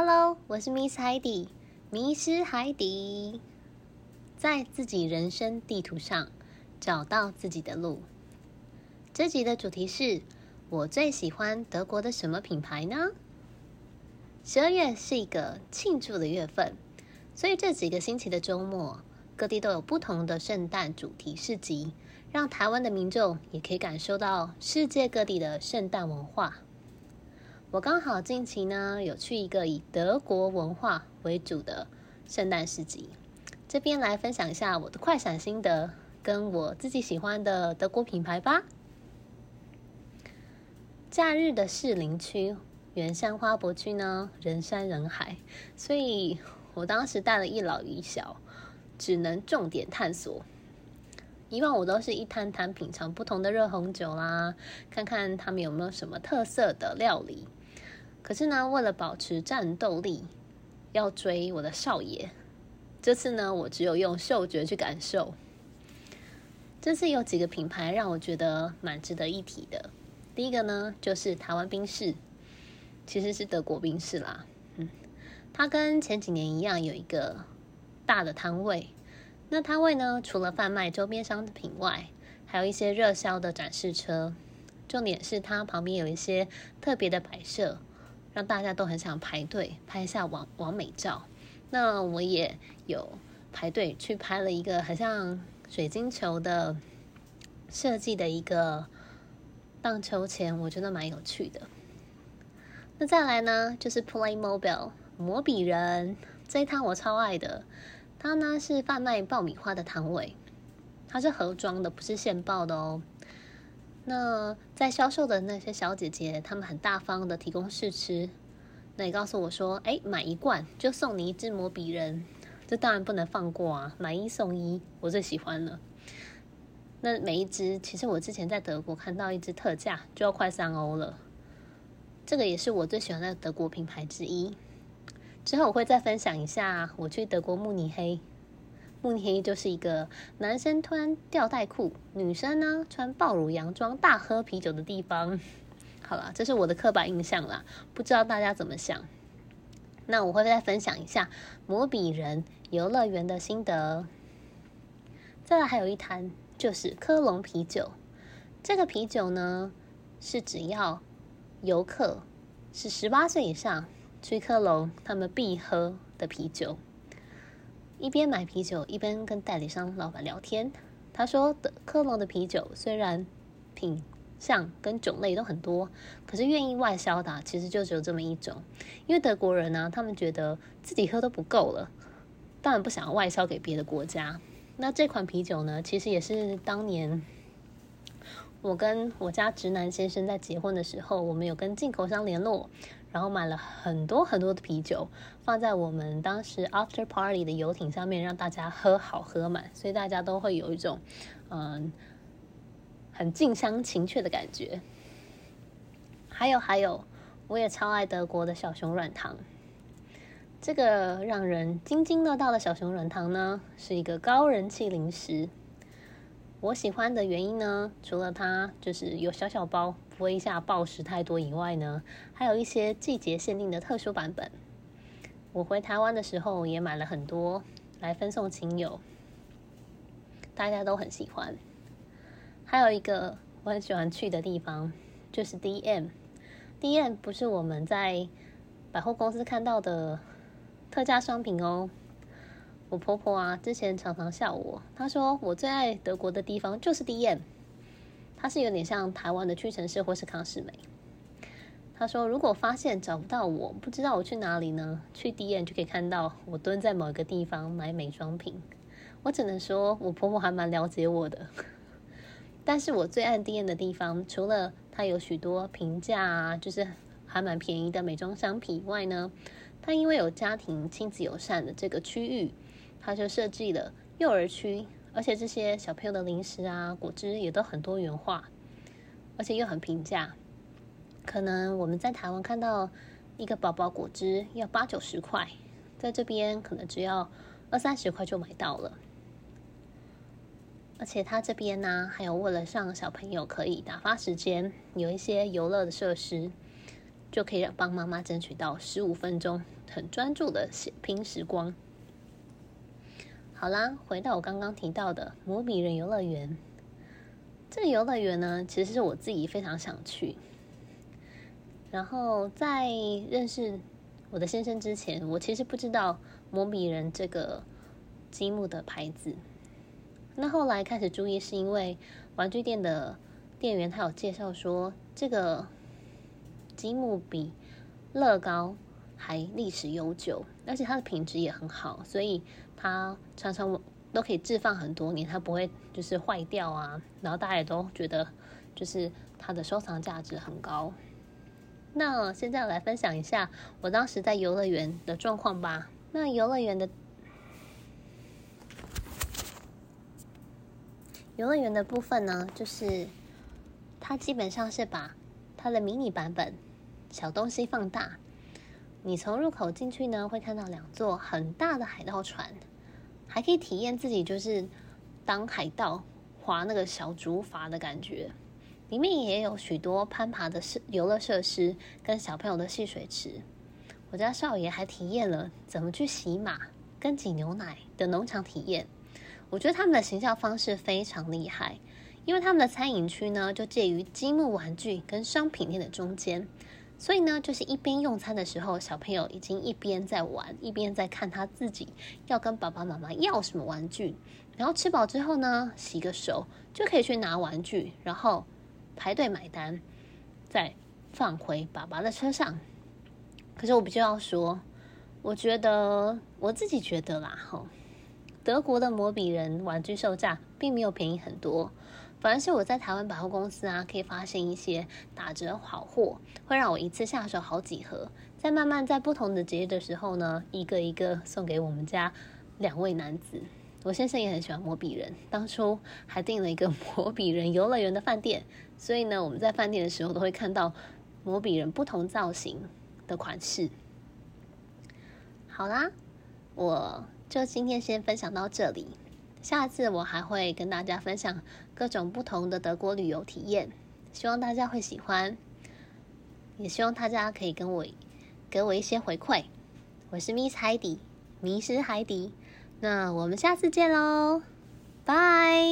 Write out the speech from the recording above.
Hello，我是 Miss Heidi，迷失海底，在自己人生地圖上找到自己的路。這集的主題是我最喜歡德國的什麼品牌呢？十二月是一個慶祝的月份，所以這幾個星期的周末，各地都有不同的聖誕主題市集，讓台灣的民眾也可以感受到世界各地的聖誕文化。我剛好近期呢有去一個以德國文化為主的聖誕市集，這邊來分享一下我的快閃心得，跟我自己喜歡的德國品牌吧。假日的士林區圓山花博區呢，人山人海，所以我當時帶了一老一小，只能重點探索。以往我都是一攤攤品嘗不同的熱紅酒啦，看看他們有沒有什麼特色的料理。可是呢，為了保持戰鬥力，要追我的少爺。這次呢，我只有用嗅覺去感受。這次有幾個品牌讓我覺得蠻值得一提的。第一個呢，就是台灣賓士，其實是德國賓士啦。嗯，它跟前幾年一樣，有一個大的攤位。那攤位呢，除了販賣周邊商品外，還有一些熱銷的展示車。重點是它旁邊有一些特別的擺設。讓大家都很想排隊拍一下網網美照，那我也有排隊去拍了一個很像水晶球的設計的一個盪秋千，我覺得蠻有趣的。那再來呢，就是 Playmobil 摩比人這一套我超愛的，它呢是販賣爆米花的攤位，它是盒裝的，不是現爆的哦。那在銷售的那些小姐姐，她們很大方的提供試吃。那也告訴我說，哎，買一罐就送你一隻摩比人，這當然不能放過啊！買一送一，我最喜歡了。那每一隻，其實我之前在德國看到一隻特價就要快三歐了，這個也是我最喜歡的德國品牌之一。之後我會再分享一下我去德國慕尼黑。慕尼黑就是一個男生穿吊帶褲，女生呢穿暴露洋裝、大喝啤酒的地方。好了，這是我的刻板印象啦，不知道大家怎麼想。那我會再分享一下摩比人遊樂園的心得。再來還有一攤就是科隆啤酒，這個啤酒呢是只要遊客是十八歲以上去科隆，他們必喝的啤酒。一邊買啤酒，一邊跟代理商老板聊天。他說：“科隆的啤酒雖然品相跟種類都很多，可是願意外銷的、啊、其實就只有這麼一種。因為德國人呢、啊，他們覺得自己喝都不夠了，當然不想要外銷給別的國家。那這款啤酒呢，其實也是當年我跟我家直男先生在結婚的時候，我們有跟進口商聯絡。”然後買了很多很多的啤酒，放在我們當時 After Party 的遊艇上面，讓大家喝好喝滿，所以大家都會有一種，嗯，很近鄉情怯的感覺。還有還有，我也超愛德國的小熊軟糖。這個讓人津津樂道的小熊軟糖呢，是一個高人氣零食。我喜歡的原因呢，除了它就是有小小包。播一下暴食太多以外呢，還有一些季節限定的特殊版本。我回台灣的時候也買了很多來分送親友，大家都很喜歡。還有一個我很喜歡去的地方就是 DM，DM DM 不是我們在百貨公司看到的特價商品哦。我婆婆啊之前常常笑我，她說我最愛德國的地方就是 DM。他是有點像台灣的屈臣氏或是康是美。他說：“如果發現找不到我，不知道我去哪裡呢？去 DM 就可以看到我蹲在某一個地方買美妝品。我只能說，我婆婆還蠻了解我的。但是我最愛 DM 的地方，除了它有許多平價、啊，就是還蠻便宜的美妝商品以外呢，它因為有家庭親子友善的這個區域，它就設計了幼兒區。”而且這些小朋友的零食啊、果汁也都很多元化，而且又很平價。可能我們在台灣看到一個寶寶果汁要八九十塊，在這邊可能只要二三十塊就買到了。而且他這邊呢、啊，還有為了讓小朋友可以打發時間，有一些遊樂的設施，就可以讓幫媽媽爭取到十五分鐘很專注的血拼時光。好啦，回到我剛剛提到的摩比人遊樂園，這個遊樂園呢，其實是我自己非常想去。然後在認識我的先生之前，我其實不知道摩比人這個積木的牌子。那後來開始注意，是因為玩具店的店員他有介紹說，這個積木比樂高還歷史悠久，而且它的品質也很好，所以它常常都可以置放很多年，它不會就是壞掉啊。然後大家也都覺得，就是它的收藏價值很高。那現在我來分享一下我當時在遊樂園的狀況吧。那遊樂園的遊樂園的部分呢，就是它基本上是把它的迷你版本小東西放大。你從入口進去呢，會看到兩座很大的海盜船，還可以體驗自己就是當海盜划那個小竹筏的感覺。裡面也有許多攀爬的設遊樂設施跟小朋友的戲水池。我家少爺還體驗了怎麼去洗馬跟擠牛奶的農場體驗。我覺得他們的行銷方式非常厲害，因為他們的餐飲區呢，就介於積木玩具跟商品店的中間。所以呢，就是一邊用餐的時候，小朋友已經一邊在玩，一邊在看他自己要跟爸爸媽媽要什麼玩具。然後吃飽之後呢，洗個手就可以去拿玩具，然後排隊買單，再放回爸爸的車上。可是我必須要說，我覺得我自己覺得啦，哈，德國的摩比人玩具售價並沒有便宜很多。反而是我在台灣百貨公司啊，可以發現一些打折好貨，會讓我一次下手好幾盒。再慢慢在不同的節日的時候呢，一個一個送給我們家兩位男子。我先生也很喜歡摩比人，當初還訂了一個摩比人遊樂園的飯店，所以呢，我們在飯店的時候都會看到摩比人不同造型的款式。好啦，我就今天先分享到這裡，下次我還會跟大家分享。各種不同的德國旅遊體驗，希望大家會喜歡，也希望大家可以跟我給我一些回饋。我是 Miss 海底，迷失海底，那我們下次見嘍，拜。